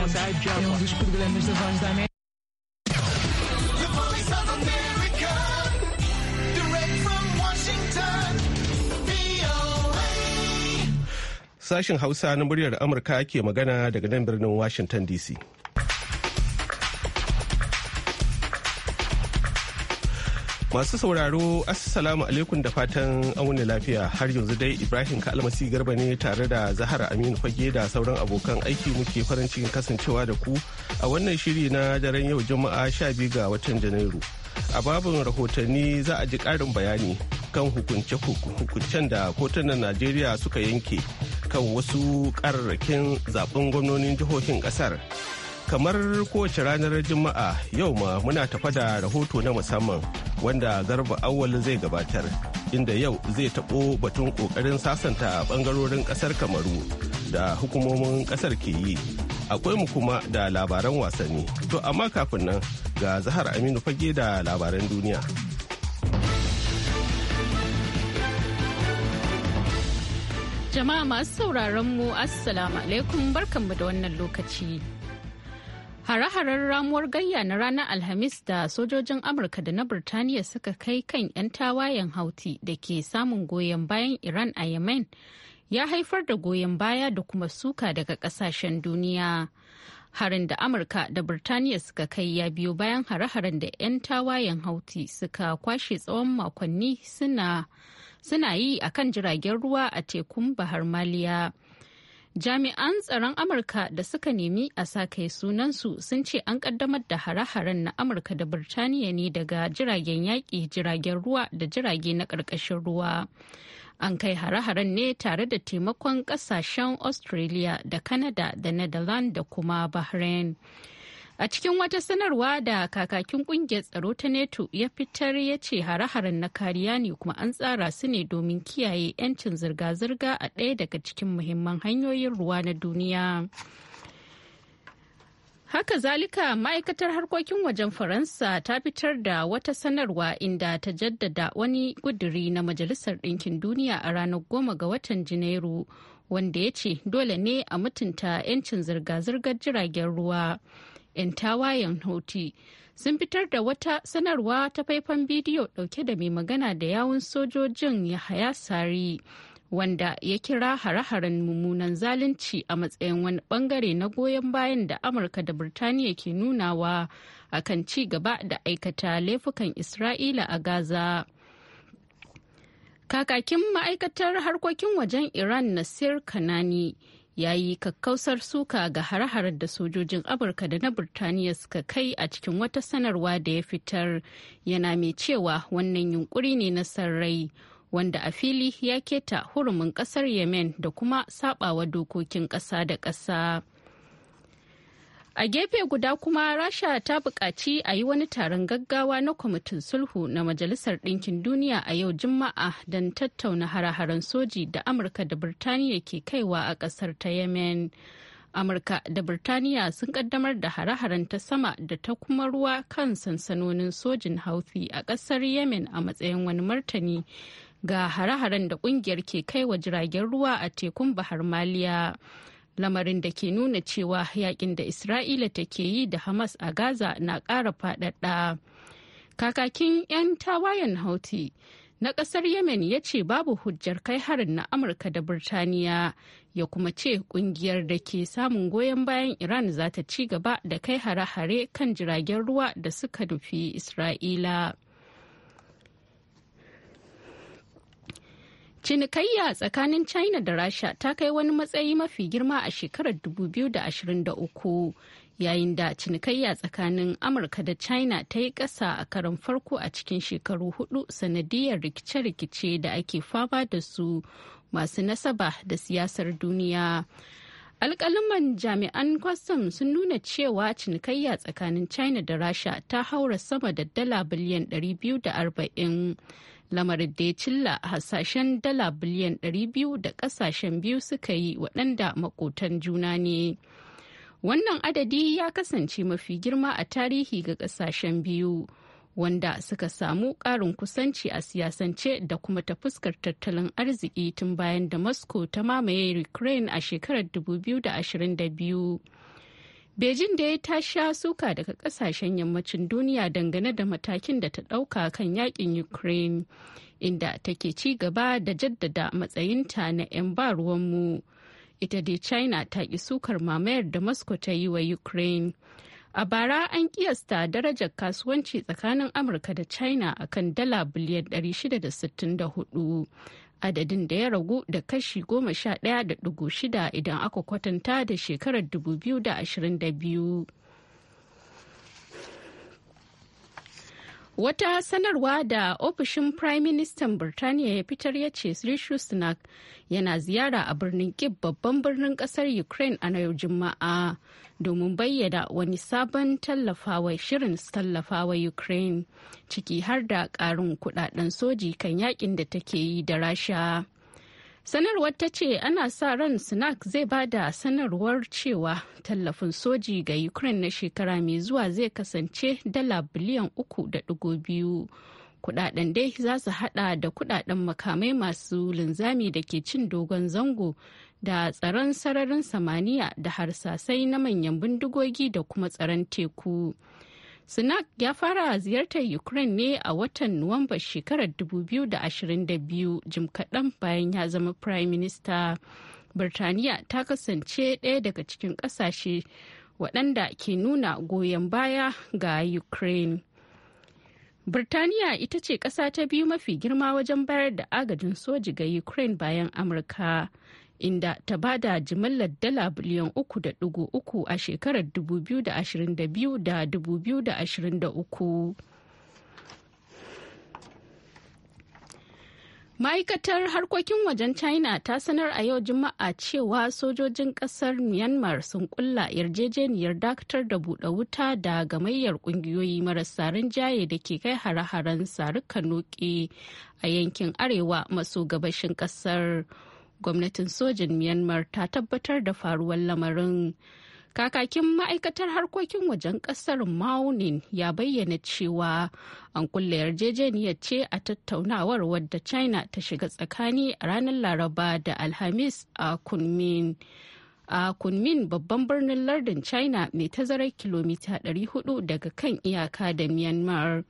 é um dos programas da Sashen Hausa na muryar Amurka ke magana daga nan birnin Washington DC. Masu sauraro, Assalamu alaikum da fatan auni lafiya har yanzu dai Ibrahim Kalmasi Garba ne tare da Zahara Aminu Fage da sauran abokan aiki muke farin cikin kasancewa da ku a wannan shiri na daren yau Juma'a sha biyu ga watan Janairu. A babin rahotanni za a ji ƙarin bayani kan hukuncen da kotunan Najeriya suka yanke kan wasu ƙararrakin zaben gwamnonin jihohin ƙasar. kamar kowace ranar juma'a yau ma muna tafa da rahoto na musamman wanda garba awal zai gabatar inda yau zai taɓo batun ƙoƙarin sasanta ɓangarorin ƙasar kamaru da hukumomin ƙasar ke yi akwai mu kuma da labaran wasanni to amma kafin nan ga zahar aminu fage da labaran duniya jama'a masu sauraron mu assalamu alaikum barkanmu da wannan lokaci Hare-haren ramuwar gayya na ranar Alhamis da sojojin Amurka da na Birtaniya suka kai kan 'yan tawayen hauti da ke samun goyon bayan Iran a Yemen ya haifar da goyon baya da kuma suka daga kasashen duniya. Harin da Amurka da Birtaniya suka kai ya biyo bayan hare-haren da 'yan tawayen hauti suka kwashe tsawon makonni suna yi a kan jiragen ruwa a tekun Bahar Maliya. jami'an tsaron amurka da suka nemi a sa kai sunansu sun ce an kaddamar da hare-haren na amurka da birtaniya ne daga jiragen yaƙi jiragen ruwa da jirage na ƙarƙashin ruwa an kai hare-haren ne tare da taimakon ƙasashen australia da canada da netherlands da kuma bahrain A cikin wata sanarwa da kakakin kungiyar tsaro ta NATO ya fitar ya ce hare-haren na kariya ne kuma an tsara su ne domin kiyaye 'yancin zirga-zirga a ɗaya daga cikin muhimman hanyoyin ruwa na duniya. Haka zalika ma'aikatar harkokin wajen Faransa ta fitar da wata sanarwa inda ta jaddada wani guduri na Majalisar Ɗinkin Duniya a ranar goma ga watan Janairu wanda ya ce dole ne a mutunta 'yancin zirga-zirgar jiragen ruwa. 'yan tawayen hoti sun fitar da wata sanarwa ta faifan bidiyo dauke da mai magana da yawun sojojin yahaya sari wanda ya kira hare-haren mummunan zalunci a matsayin wani bangare na goyon bayan da amurka da birtaniya ke nunawa akan ci gaba da aikata laifukan isra'ila a gaza kakakin ma'aikatar harkokin wajen iran nasir kanani ya yi kakkausar suka ga hare-haren da sojojin amurka da na burtaniya suka kai a cikin wata sanarwa da ya fitar yana mai cewa wannan yunkuri ne na sarrai wanda a fili ya keta hurumin kasar yemen da kuma sabawa dokokin kasa da kasa A gefe guda kuma Rasha ta buƙaci a yi wani taron gaggawa na kwamitin sulhu na Majalisar Ɗinkin Duniya a yau Juma'a don tattauna hare-haren soji da Amurka da Birtaniya ke kaiwa a ƙasar ta Yemen. Amurka da Birtaniya sun kaddamar da hare ta sama da ta kuma ruwa kan sansanonin sojin haufi a ƙasar Yemen a matsayin wani martani ga hare-haren da ƙungiyar ke kaiwa jiragen ruwa a tekun Bahar Maliya. lamarin da ke nuna cewa yakin da isra'ila take yi da hamas a gaza na ƙara faɗaɗa kakakin 'yan tawayen hauti na ƙasar yemen ya ce babu hujjar kai harin na amurka da birtaniya ya kuma ce ƙungiyar da ke samun goyon bayan iran zata ci gaba da kai hare-hare kan jiragen ruwa da suka nufi isra'ila. Cinikayya tsakanin China da Rasha ta kai wani matsayi mafi girma a shekarar 2023 yayin da cinikayya tsakanin Amurka da China ta yi ƙasa a karan farko a cikin shekaru hudu sanadiyar rikice-rikice da ake fama da su masu nasaba da siyasar duniya. alkalaman jami'an kwastam sun nuna cewa cinikayya tsakanin China da Rasha ta haura sama da dala biliyan 240. lamarin da ya cilla hasashen dala biliyan 200 da kasashen biyu suka yi waɗanda makotan juna ne wannan adadi ya kasance mafi girma a tarihi ga kasashen biyu wanda suka samu ƙarin kusanci a siyasance da kuma ta fuskar tattalin arziki tun bayan da moscow ta mamaye ukraine a shekarar 2022 Beijing da ya ta sha suka daga kasashen yammacin duniya dangane da matakin da ta ɗauka kan yakin Ukraine, inda take ci gaba da jaddada matsayinta na 'yan ba ruwanmu. Ita dai China ta ƙi sukar mamayar da Moscow ta yi wa Ukraine. A bara an kiyasta darajar kasuwanci tsakanin Amurka da China akan dala biliyan 664 adadin da ya ragu da kashi goma sha ɗaya da ɗigo shida idan aka kwatanta da shekarar dubu ashirin da biyu. Wata sanarwa da ofishin Prime Minister Birtaniya ya fitar ya ce Rishi Sunak yana ziyara a birnin Kib babban birnin kasar Ukraine a yau Juma'a. domin bayyana wani sabon tallafawa shirin tallafawa ukraine ciki har da karin kudaden soji kan yakin da take yi da rasha sanarwar ta ce ana sa ran snack zai ba da sanarwar cewa tallafin soji ga ukraine na shekara mai zuwa zai kasance dala biliyan uku da dugu biyu kudaden dai za su hada da kudaden makamai masu linzami da ke cin dogon zango da tsaron sararin samaniya da harsasai na manyan bindigogi da kuma tsaron teku. Sunak ya fara ziyartar Ukraine ne a watan Nuwamba shekarar 2022 jim kaɗan bayan ya zama Prime Minister. Birtaniya ta kasance ɗaya daga cikin ƙasashe waɗanda ke nuna goyon baya ga Ukraine. Birtaniya ita ce ƙasa ta biyu mafi girma wajen bayar da agajin soji ga Ukraine bayan Amurka. inda ta bada jimillar dala biliyan uku da dugu uku a shekarar 2022 da 2023. Ma'aikatar harkokin wajen China ta sanar a yau Juma'a cewa sojojin kasar Myanmar sun kulla yarjejeniyar dakatar da buɗe wuta da gamayyar ƙungiyoyi marasa jaye da ke kai hare-haren sarukan noke a yankin arewa maso gabashin kasar. gwamnatin sojin myanmar ta tabbatar da faruwar lamarin kakakin ma'aikatar harkokin wajen kasar maunin ya bayyana cewa an kulle yarjejeniyar ce a tattaunawar wadda china ta shiga tsakani a ranar laraba da alhamis a kunmin a kunmin babban birnin lardin china mai tazarar kilomita 400 daga kan iyaka da myanmar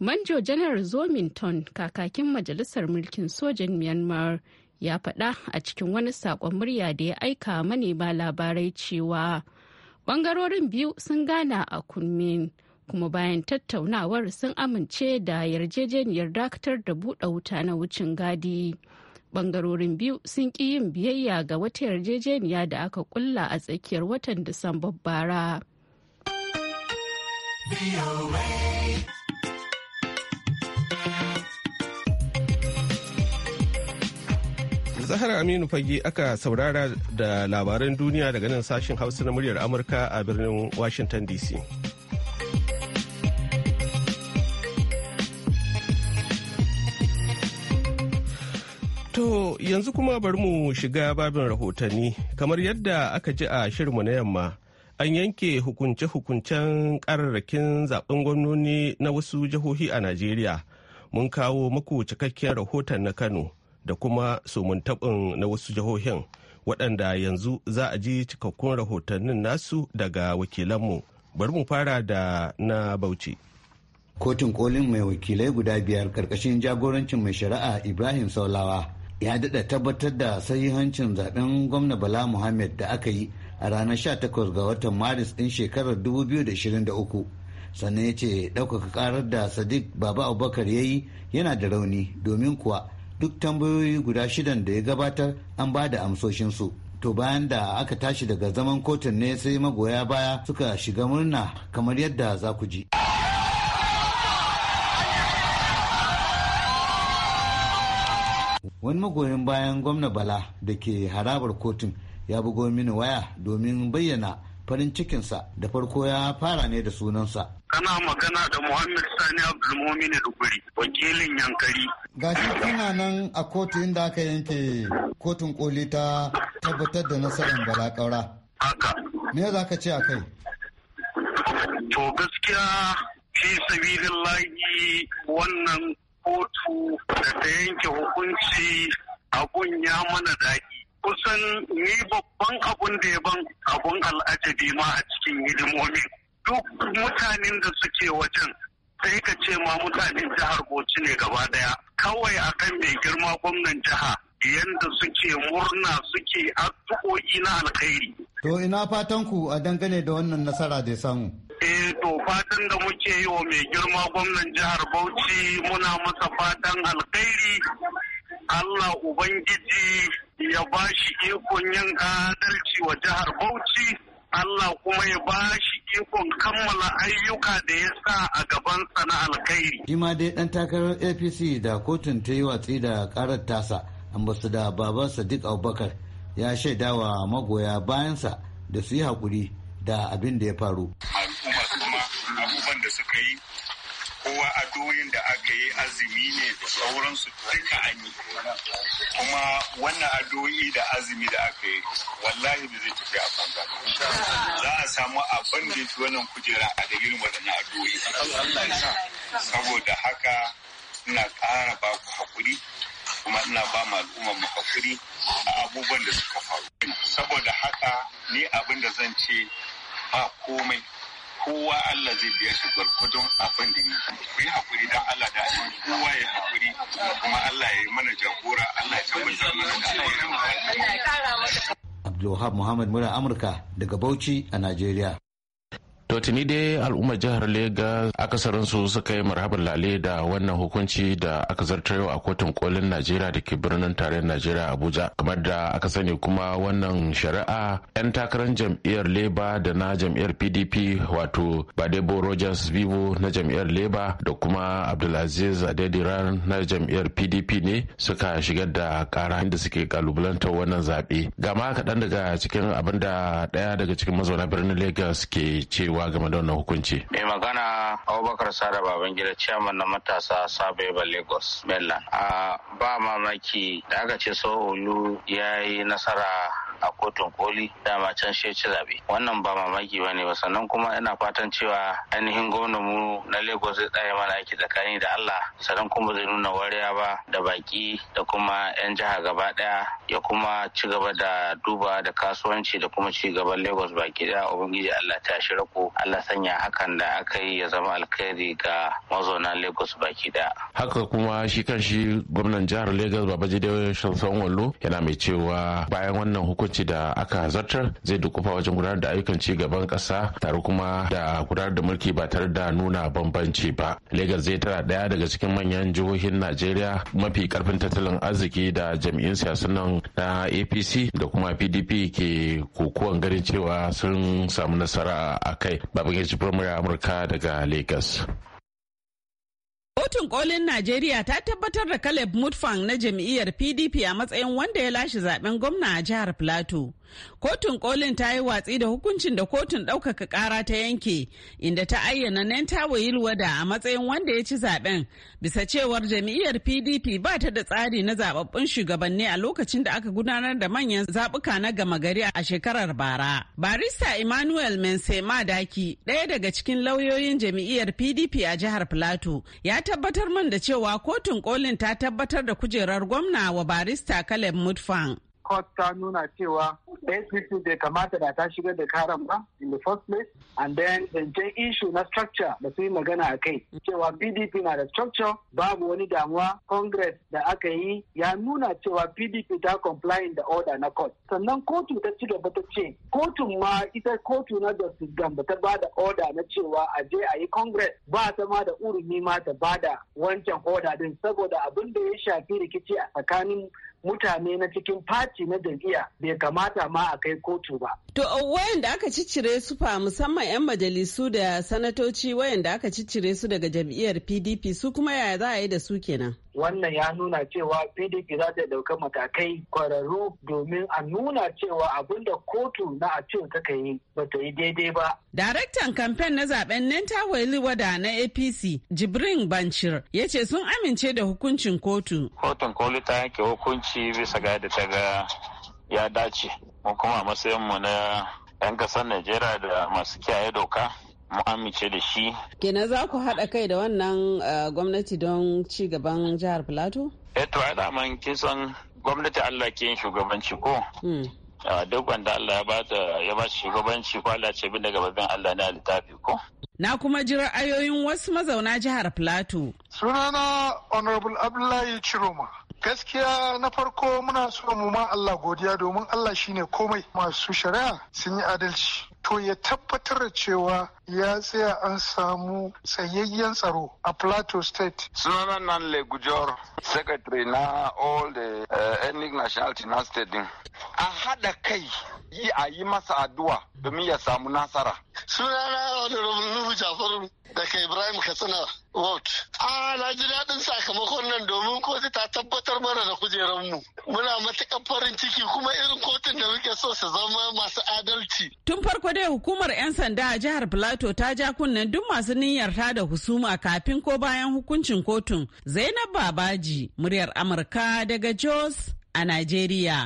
manjo janar zomington kakakin majalisar mulkin sojin myanmar ya faɗa a cikin wani saƙon murya da ya aika manema labarai cewa ɓangarorin biyu sun gana a kunmin kuma bayan tattaunawar sun amince da yarjejeniyar dakatar da buɗe wuta na wucin gadi ɓangarorin biyu sun ƙi yin biyayya ga wata yarjejeniya da aka kulla a tsakiyar watan disambar bara. zahar Aminu Fage aka saurara da labaran duniya daga nan sashen Hausa na muryar Amurka a birnin Washington DC. To yanzu kuma bari mu shiga babin rahotanni kamar yadda aka ji a shirinmu na yamma. An yanke hukunce-hukuncen kararrakin zaben gwamnoni na wasu jihohi a Najeriya. Mun kawo maku cikakken rahoton na Kano. da kuma sumuntaɓin na wasu jihohin waɗanda yanzu za a ji cikakkun rahotannin nasu daga wakilanmu bari mu fara da na bauchi kotun kolin mai wakilai guda biyar karkashin jagorancin mai shari'a ibrahim saulawa ya daɗa tabbatar da sahihancin zaben gwamna bala muhammad da aka yi a ranar 18 ga watan maris ɗin shekarar 2023 sannan ya ce ɗaukaka ƙarar da sadiq baba abubakar ya yi yana da rauni domin kuwa duk tambayoyi guda shidan da ya gabatar an ba da amsoshinsu to bayan da aka tashi daga zaman kotun ne sai magoya baya suka shiga murna kamar yadda za ku ji wani magoyin bayan gwamna bala da ke harabar kotun ya bugo mini waya domin bayyana farin cikinsa da farko ya fara ne da sunansa. Kana magana da Muhammad Sani Abdulmumin Duguri, wakilin Yankari. Ga shi kana nan a kotu inda aka yanke kotun koli ta tabbatar da nasarar Bala Kaura. Me za ka ce a kai? To gaskiya fi lagi wannan kotu da ta yanke hukunci abun ya mana daɗi. kusan ni babban abun da ya ban abun al'ajabi ma a cikin hidimomi duk mutanen da suke wajen sai ka ce ma mutanen jihar Bauchi ne gaba daya kawai akan mai girma gwamnan jiha yadda suke murna suke addu'o'i na alkhairi. To ina fatan ku a dangane da wannan nasara da samu. Eh to fatan da muke yi wa mai girma gwamnan jihar Bauchi muna masa fatan alkhairi Allah Ubangiji ya ba shi ikon yin adalci wa jihar Bauchi, Allah kuma ya ba shi ikon kammala ayyuka da ya sa a gabansa na alkhairi. Shi dai ɗan takarar APC da kotun ta yi watsi da ƙarar tasa, ambasada Baba Sadiq Abubakar ya shaidawa magoya bayansa da su yi haƙuri da abin da ya faru. Al'umma kuma abubuwan da suka yi kowa adoyin da aka yi azumi ne da sauransu duka an yi kuma wannan adoyi da azumi da aka yi wallahi ba zai tafi a banza za a samu abin da fi wannan kujera a da irin waɗannan adoyi saboda haka ina ƙara ba ku haƙuri kuma ina ba ma al'ummar mu haƙuri a abubuwan da suka faru saboda haka ni abin da zan ce ba komai kowa Allah zai biya shi gwargwadon abin da yake ku yi hakuri dan Allah da shi kowa ya hakuri kuma Allah ya yi mana jagora Allah ya tabbatar mana da alheri Abdulwahab Muhammad muna Amurka daga Bauchi a Najeriya to dai al'umma jihar Legas akasarinsu suka yi marhaban lale da wannan hukunci da aka zartar yau a kotun kolin Najeriya da ke birnin tarayyar Najeriya Abuja kamar da aka sani kuma wannan shari'a 'yan takarar jam'iyyar Leba da na jam'iyyar PDP wato Badebo Rogers Vivo na jam'iyyar Leba da kuma Abdulaziz Adediran na jam'iyyar PDP ne suka shigar da kara inda suke kalubalantar wannan zaɓe. Gama kaɗan daga cikin abin da ɗaya daga cikin mazauna birnin Legas ke cewa cewa game da wannan hukunci. Mai magana Abubakar Sada Babangida chairman na matasa Sabeba Lagos, Mainland. A ah, ba mamaki da aka ce Soholu ya yi nasara a kotun koli dama can shi ci zaɓe wannan ba mamaki ba ne ba sannan kuma ina fatan cewa ainihin gwamnan mu na lagos zai tsaya mana aiki tsakani da allah sannan kuma zai nuna wariya ba da baki da kuma 'yan jiha gaba daya ya kuma ci gaba da duba da kasuwanci da kuma ci gaban lagos baki daya ubangiji allah ta shi rako allah sanya hakan da aka yi ya zama alkhairi ga mazauna lagos baki daya haka kuma shi kan shi gwamnan jihar lagos babaji da shansan wallo yana mai cewa bayan wannan hukunci hukunci da aka zartar zai dukufa wajen gudanar da ayyukan ci gaban kasa tare kuma da gudanar da mulki ba tare da nuna bambanci ba lagos zai tara daya daga cikin manyan jihohin najeriya mafi karfin tattalin arziki da jami'in siyasa nan na apc da kuma pdp ke kokuwan ganin cewa sun samu nasara a kai babban yaji firamare amurka daga lagos Kotun kolin Najeriya ta tabbatar da Caleb Mutfang na jam'iyyar PDP a matsayin wanda ya lashe zaben gwamna a jihar Plateau. Kotun kolin ta yi watsi da hukuncin da kotun ɗaukaka ƙara ta yanke inda ta ayyana nan Nentawa Yilwada a matsayin wanda ya ci zaben bisa cewar jam'iyyar PDP ba ta da tsari na zababbun shugabanni a lokacin da aka gudanar da manyan zabuka na gama gari a shekarar bara. Barista Emmanuel Mensema Daki ɗaya daga cikin lauyoyin jam'iyyar PDP a jihar Plateau ya tabbatar man da cewa kotun kolin ta tabbatar da kujerar gwamna wa barista Caleb Mutfang. court ta nuna cewa APC bai kamata da ta shigar da karan ba in the first place and then jay issue na structure da su yi magana a kai cewa PDP na da structure babu wani damuwa Congress da aka yi ya nuna cewa PDP ta complying da order na court sannan kotu ta ci gaba ta ce kotun ma ita kotu na su Gamba ta ba da order na cewa a je a yi Congress ba ta ma da urumi ma ta ba da wancan order din saboda abin da ya shafi rikici a tsakanin mutane na cikin fati na jam'iyya bai kamata ma a kai kotu ba. To uh, da aka ciccire su fa musamman 'yan majalisu da sanatoci wayanda aka ciccire su daga jam'iyyar PDP su kuma yaya za a yi da su kenan? Wannan ya nuna cewa PDP za ta ɗauka matakai kwararru domin a nuna cewa abin da kotu na a ce ta yi ba ta yi daidai ba. Daraktan kamfen na zaben Nenta Wada na APC Jibrin Banchir ya ce sun amince da hukuncin kotu. Kotun koli ta yanke hukunci shi bisa ga yadda ta ga ya dace mu kuma matsayin mu na 'yan kasar najeriya da masu kiyaye doka mu amince da shi kenan za ku haɗa kai da wannan eh, gwamnati don ci gaban jihar plateau eto eh, a daman kin san gwamnati allah ke yin shugabanci ko hmm. duk wanda allah ya ba shugabanci ko allah ce bin daga babban allah na littafi ko Na kuma ji ra'ayoyin wasu mazauna jihar Plateau. Sunana Honorable Abdullahi Chiroma. Gaskiya na farko muna so mu ma Allah godiya domin Allah shine komai masu shari'a sun yi adalci to ya tabbatar da cewa ya tsaya an samu tsayayyen tsaro a plateau state Sunana nan gujor secretary na all the uh, ethnic nationality na state din a hada kai yi a yi masa addu'a domin ya samu nasara sunana honorable nuhu jafaru da ibrahim katsina vote a na ji daɗin sakamakon nan domin kotu ta tabbatar mana da kujeranmu muna matuƙar farin ciki kuma irin kotun da muke so su zama masu adalci tun farko dai hukumar 'yan sanda a jihar Plateau ta ja kunnen duk masu niyyar da husuma kafin ko bayan hukuncin kotun. Zainab Babaji, muryar Amurka daga Jos a Najeriya.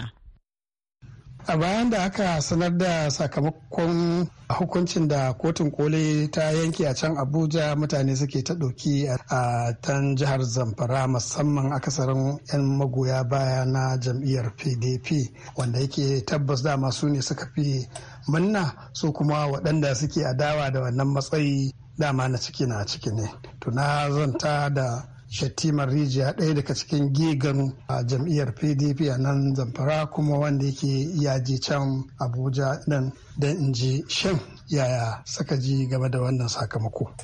a bayan da aka sanar da sakamakon hukuncin da kotun koli ta yanke a can abuja mutane suke ta ɗauki a tan jihar zamfara musamman akasarin 'yan magoya baya na jam'iyyar pdp wanda yake tabbas dama su ne suka fi manna su kuma waɗanda suke adawa da wannan matsayi dama na ciki na ciki ne tuna zanta da Shattimar Rijiya ɗaya daga cikin gigan a jam'iyyar PDP a nan Zamfara kuma wanda yake yaji can Abuja nan don in ji shan yaya saka ji game da wannan sakamako.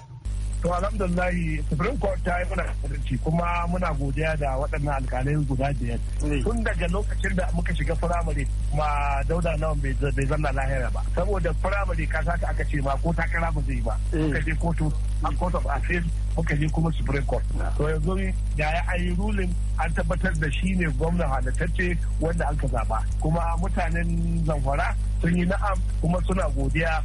to alhamdulillahi supreme court ta yi mana adalci kuma muna godiya da waɗannan alkalai guda biyar tun daga lokacin da muka shiga firamare kuma dauda nawa bai zanna lahira ba saboda firamare ka saka aka ce ma ko takara ba zai ba eh. ka je kotu a court of appeal muka je kuma supreme court to yanzu da ya ayi ruling an tabbatar da shi ne gwamna halittacce wanda aka zaba kuma mutanen zamfara sun yi na'am kuma suna godiya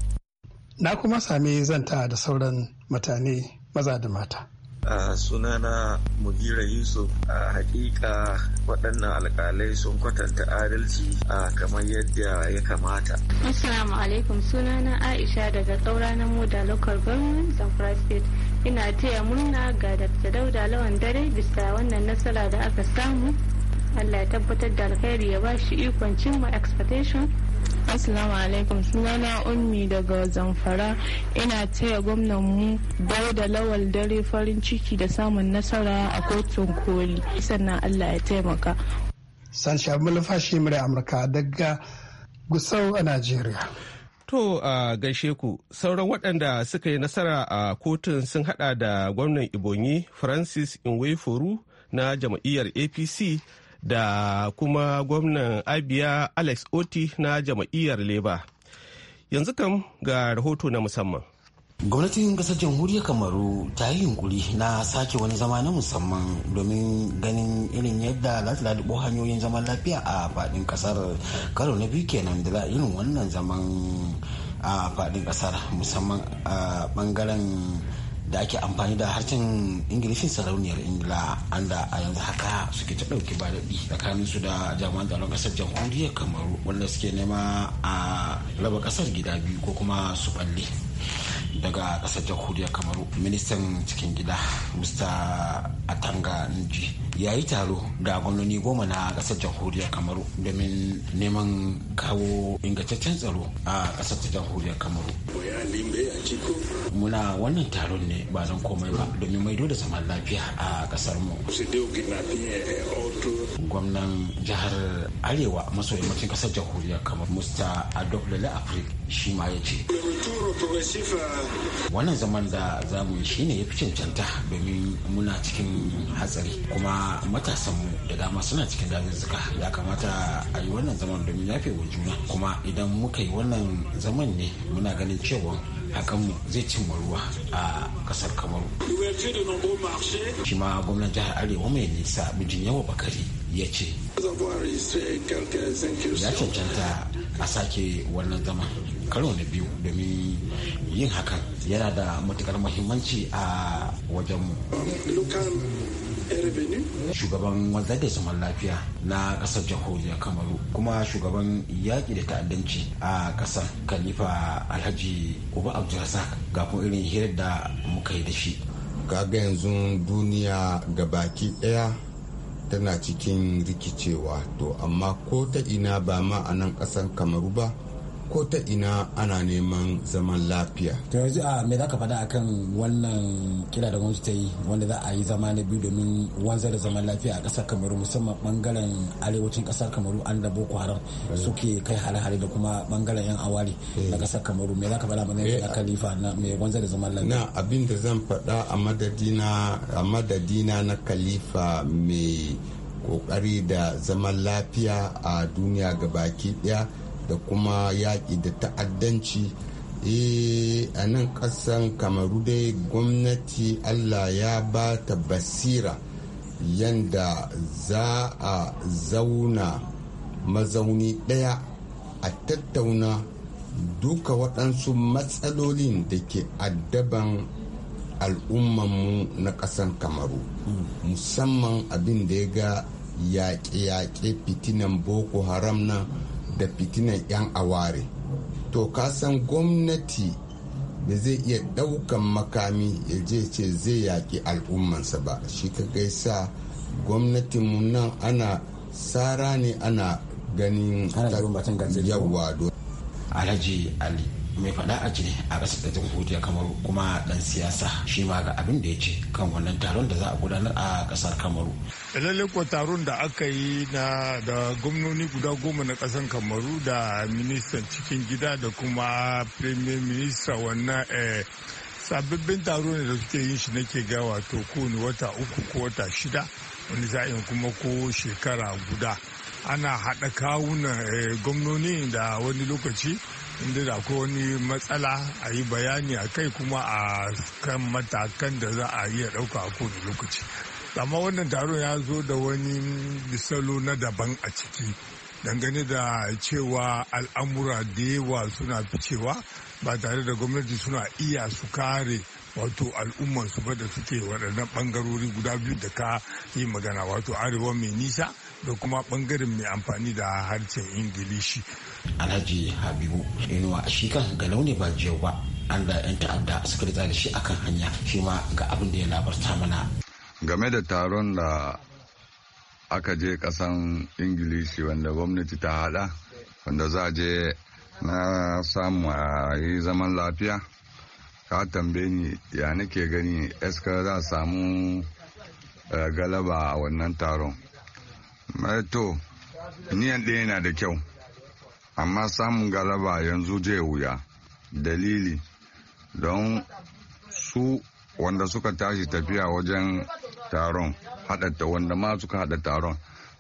na kuma same zanta da sauran mutane maza da mata a sunana mugira yusuf a haƙiƙa hakika waɗannan alƙalai sun kwatanta adalci a kamar yadda ya kamata assalamu alaikum sunana aisha daga tsaura na moda local government zamfara state ina taya murna ga dr dauda lawan dare bisa wannan nasara da aka samu allah ya tabbatar da alkhairi ya ba shi ikon cimma expectation Assalamu alaikum sunana ummi daga zamfara ina taya gwamnan mu da lawal dare farin ciki da samun nasara a kotun koli sannan Allah ya taimaka. San shabi malafashi Amurka daga Gusau a Najeriya. To a gaishe ku sauran waɗanda suka yi nasara a kotun sun hada da gwamnan Ibonyi Francis Inwe Foru na jam'iyyar APC da kuma gwamnan abia alex oti na jam'iyyar leba yanzu kam ga rahoto na musamman gwamnatin kasar jamhuriyar kamaru ta yi yunkuri na sake wani zama na musamman domin ganin irin yadda za ta lalubo hanyoyin zaman lafiya a faɗin kasar karo na biyu kenan da za irin wannan zaman a faɗin kasar musamman a bangaren da ake amfani da harshen ingilishin sarauniyar ingila anda a yanzu haka suke ta ɗauki ba daɗi tsakanin su da jami'an tsaron kasar jamhuriyar kamaru wanda suke nema a raba ƙasar gida biyu ko kuma su balle daga ƙasar jamhuriyar kamaru ministan cikin gida mr atanga nji ya yi taro da gwamnoni goma na ƙasar jamhuriyar kamaru domin neman kawo ingantaccen tsaro a ƙasar jamhuriyar kamaru a Muna wannan taron ne ba zan komai ba domin maido da zaman lafiya a kasar mu. Eh, Gwamnan jihar Arewa maso yammacin kasar jamhuriyar kamar Musta Adoblele Afrik shi ma ya ce. Euh, wannan zaman da za mu yi shine ya fi cancanta domin muna cikin hatsari kuma matasanmu da dama suna cikin dazuzzuka ya kamata a yi wannan zaman domin yafe wa juna kuma idan muka yi wannan zaman ne muna ganin cewa hakanmu zai cimma ruwa a kasar kamaru shi ma gwamnan jihar arewa mai nisa mijin yawa bakari ya ce ya cancanta a sake wannan zama karo na biyu domin yin hakan yana da matukar muhimmanci a wajenmu shugaban wanzar da zaman lafiya na kasar jamhuriyar kamaru kuma shugaban yaƙi da ta'addanci a kasar khalifa alhaji uba abdulrazak ga kuma irin hirar da muka yi da shi kaga yanzu duniya ga baki ɗaya tana cikin rikicewa to amma ko ta ina ba ma a nan ƙasar kamaru ba ko ta ina ana neman zaman lafiya to yanzu a ah, me ka faɗa kan wannan kira da gwamnati ta yi wanda za a yi zama na biyu domin wanzar da zaman lafiya a ƙasar kamaru musamman ɓangaren arewacin ƙasar kamaru an da boko haram eh. suke kai hare-hare da kuma ɓangaren yan awari eh. na ƙasar kamaru me ka faɗa mana eh. yanzu khalifa na me wanzar da zaman lafiya na abin da zan faɗa a madadina a madadina na khalifa mai kokari da zaman lafiya a duniya ga baki daya da kuma yaƙi da ta'addanci eh, a nan ƙasan kamaru dai gwamnati allah ya ba ta basira yanda za a zauna mazauni ɗaya a tattauna duka waɗansu matsalolin da ke addaban al'ummanmu na ƙasan kamaru musamman abin da ya ga yaƙe-yaƙe fitinan boko haram na da fitinan 'yan aware to kasan gwamnati da zai iya ɗaukan makami ya je ce zai yaƙi al'ummansa ba shi ka gaisa gwamnatinmu nan ana tsara ne ana ganin don alhaji ali mai faɗa a ce a rasa da godiya kamar kuma ɗan siyasa shi ma ga abin da ya ce kan wannan taron da za a gudanar a ƙasar kamaru. lallai ko taron da aka yi na da gwamnoni guda goma na ƙasar kamaru da ministan cikin gida da kuma premier minister wannan eh, sababbin taro ne da suke yin shi nake ga wato kowane wata uku ko wata shida wani za'in kuma ko shekara guda ana haɗa kawuna eh, gwamnoni da wani lokaci inda da akwai wani matsala a yi bayani a kai kuma a kan matakan da za a iya ɗauka a kowane lokaci amma wannan taron ya zo da wani misalo na daban a ciki dangane da cewa al'amura da yawa suna ficewa ba tare da gwamnati suna iya su kare wato al'umman su ba da suke waɗannan ɓangarori guda biyu da ka yi magana wato arewa mai nisa da kuma bangaren mai amfani da harshen ingilishi alhaji habibu inuwa shi kan galau ne ba jiyau ba an da yan ta'adda suka ritsa da shi akan hanya shi ma ga abin da ya labarta mana game da taron da aka je kasan ingilishi wanda gwamnati ta hada wanda za je na samu a yi zaman lafiya ka tambaye ni ya nake gani eska za samu eh, galaba a wannan taron Eh, to niyan ɗaya na da kyau amma samun galaba yanzu zai wuya dalili don su wanda suka tashi tafiya wajen taron haɗata wanda ma suka haɗa taron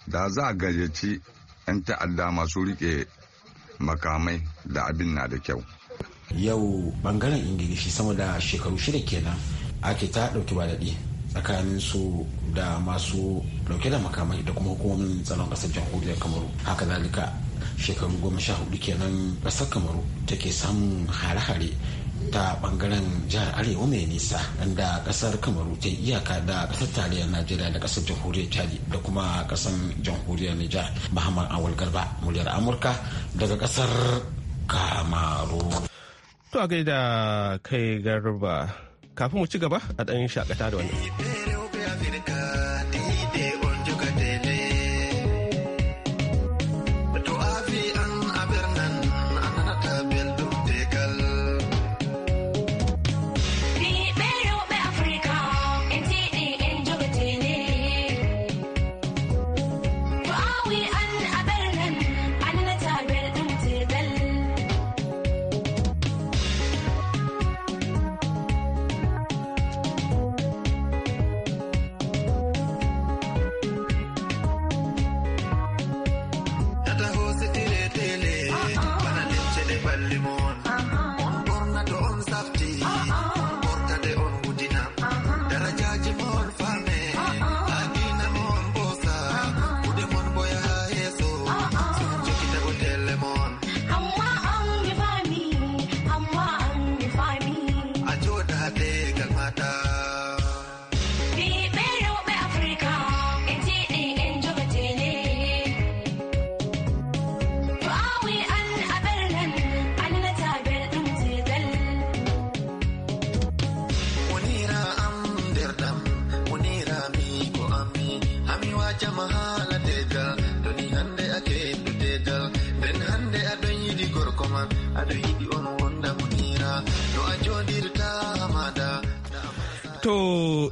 da za a gayyaci 'yan ta'adda masu rike makamai da abin na da kyau yau bangaren ingilishi sama da shekaru shida kenan ake ta ɗauki ba daɗi tsakanin su da masu dauke da makamai da kuma hukumomin tsaron kasar jamhuriyar kamaru haka zalika shekaru goma sha hudu kenan kasar kamaru take samun hare-hare ta bangaren jihar arewa mai nisa da kasar kamaru ta iyaka da kasar tarayyar najeriya da kasar jamhuriyar chadi da kuma kasar jamhuriyar nijar muhammad awal garba muryar amurka daga kasar kamaru to a gaida kai garba kafin mu ci gaba a ɗan shakata da wannan.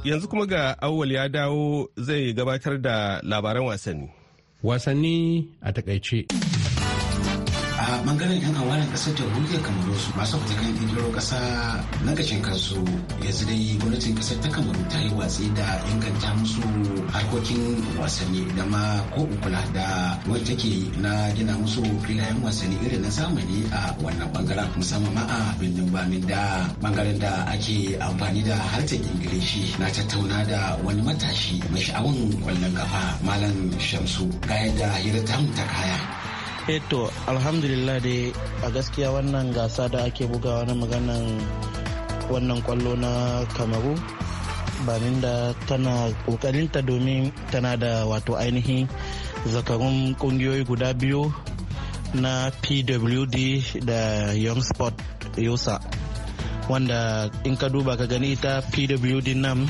yanzu kuma ga awwal ya dawo zai gabatar da labaran wasanni. Wasanni a takaice. a bangaren yan awarin kasar jamhuriyar kamaru su masu fatakan kirkiro kasa na gashin kansu yanzu dai gwamnatin kasar ta kamaru ta yi watsi da inganta musu harkokin wasanni da ma ko kula da wani take na gina musu filayen wasanni irin na zamani a wannan bangaren musamman ma a birnin bamin da bangaren da ake amfani da harshen ingilishi na tattauna da wani matashi mai sha'awun kwallon kafa malam shamsu ga yadda hira ta kaya eto eh, alhamdulillah dai a gaskiya wannan gasa da ake bugawa na maganan wannan kwallo na kamaru da tana kokarinta domin tana da wato ainihin zakarun kungiyoyi guda biyu na pwd da young sport yosa wanda in ka duba ka gani ita pwd nan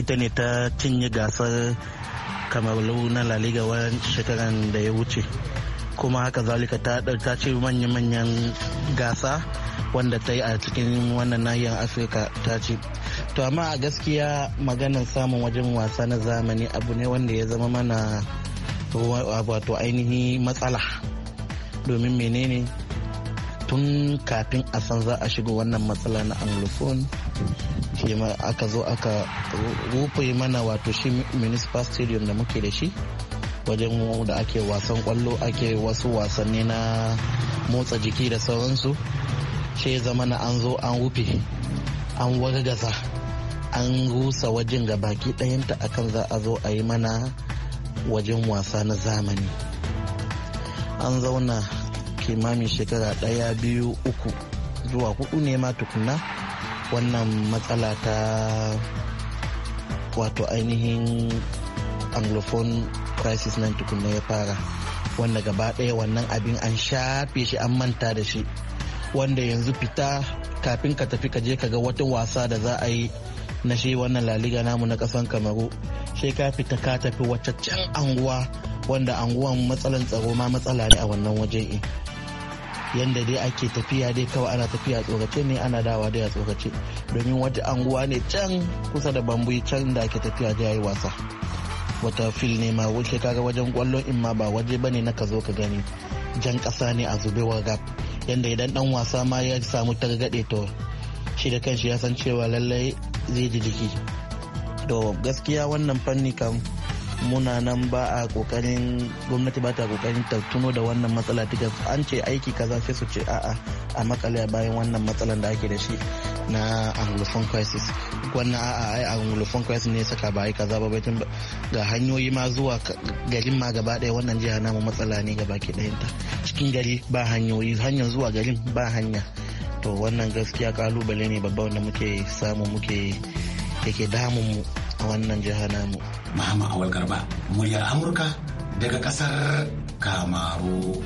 ita ne ta cinye gasar kamaru na laliga wani shekaran da ya wuce kuma haka zalika ta ce manya-manyan gasa wanda ta yi a cikin wannan nahiyar afirka ta ce to amma a gaskiya maganar samun wajen wasa na zamani abu ne wanda ya zama mana wato ainihi matsala domin menene tun kafin a san za a shiga wannan matsala na anglophone aka zo aka rufe mana wato shi municipal stadium da muke da shi wajen da ake wasan kwallo ake wasu wasanni na motsa jiki da sauransu shi zama na an zo an rufe an wargaza an rusa wajen ga baki ɗayanta akan za a zo a yi mana wajen wasa na zamani an zauna kimamin shekara ɗaya biyu uku zuwa hudu ne ma tukuna wannan matsala ta wato ainihin anglophone crisis nan tukunna ya fara wanda gaba ɗaya wannan abin an shafe shi an manta da shi wanda yanzu fita kafin ka tafi ka je ka ga wata wasa da za a yi na shi wannan laliga namu na kasan kamaru sai ka fita ka tafi wata can anguwa wanda anguwan matsalan tsaro ma matsala ne a wannan waje yanda dai ake tafiya dai kawai ana tafiya tsorace ne ana dawa dai a tsorace domin wata anguwa ne can kusa da bambu can da ake tafiya dai yi wasa wata fil ne ma wuce kaga wajen kwallon in ma ba waje bane na ka zo ka gani jan kasa ne a zubewar gab yanda idan dan wasa ma ya samu targaɗe to shi da kanshi ya san cewa lallai zai ji jiki to gaskiya wannan fanni kam muna nan ba a kokarin gwamnati ba ta kokarin ta tuno da wannan matsala duka an ce aiki kaza sai su ce a'a a makale bayan wannan matsalan da ake da shi na anglophone crisis wannan a'a ai anglophone crisis ne saka ba ai kaza ba bai ga hanyoyi ma zuwa garin ma gaba daya wannan jiha namu matsala ne gaba ke ta cikin gari ba hanyoyi hanyar zuwa garin ba hanya to wannan gaskiya kalubale ne babba wanda muke samu muke yake damun mu a wannan jiha namu. Mahama Awal Garba, muryar Amurka daga kasar Kamaru.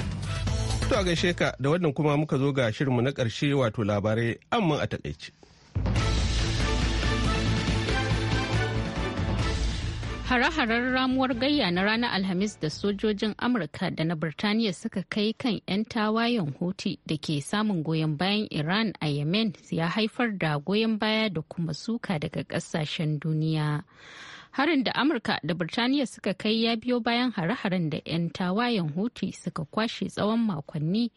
To a gaishe ka da wannan kuma muka zo ga shirinmu na ƙarshe wato labarai amma a taƙaice. Hare-haren ramuwar gayya na ranar Alhamis da sojojin Amurka da na Birtaniya suka kai kan 'yan tawayen Houthi da ke samun goyon bayan Iran a Yemen ya haifar da goyon baya da kuma suka daga kasashen duniya. Harin da Amurka da Birtaniya suka kai ya biyo bayan hare-haren da 'yan tawayen Houthi suka kwashe tsawon makonni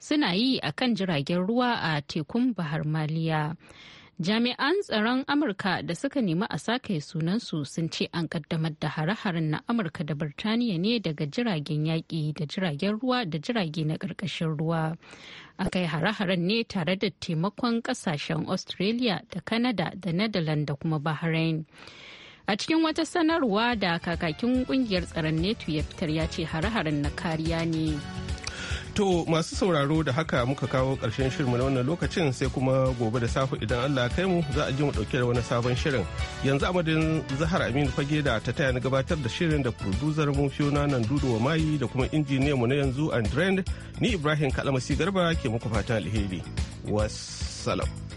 suna yi a kan jiragen ruwa a tekun Bahar Maliya. jami'an tsaron amurka da suka nemi a sake sunansu sun ce an kaddamar da hare-haren na amurka da birtaniya ne daga jiragen yaƙi da jiragen ruwa da jirage na ƙarƙashin ruwa a kai hare-haren ne tare da taimakon ƙasashen australia da canada da netherlands da kuma bahrain a cikin wata sanarwa da kakakin kungiyar tsaron neto ya fitar ya ce hare-haren na kariya ne To masu sauraro da haka muka kawo ƙarshen shirinmu na wannan lokacin sai kuma gobe da safe idan Allah kai mu za a ji mu ɗauke da wani sabon shirin. Yanzu amadin Zahar Aminu Fage da ta taya na gabatar da shirin da producer mu Fiona nan Dudu wa Mayi da kuma injiniya mu na yanzu Andrend ni Ibrahim Kalamasi Garba ke muku fatan alheri. Wassalam.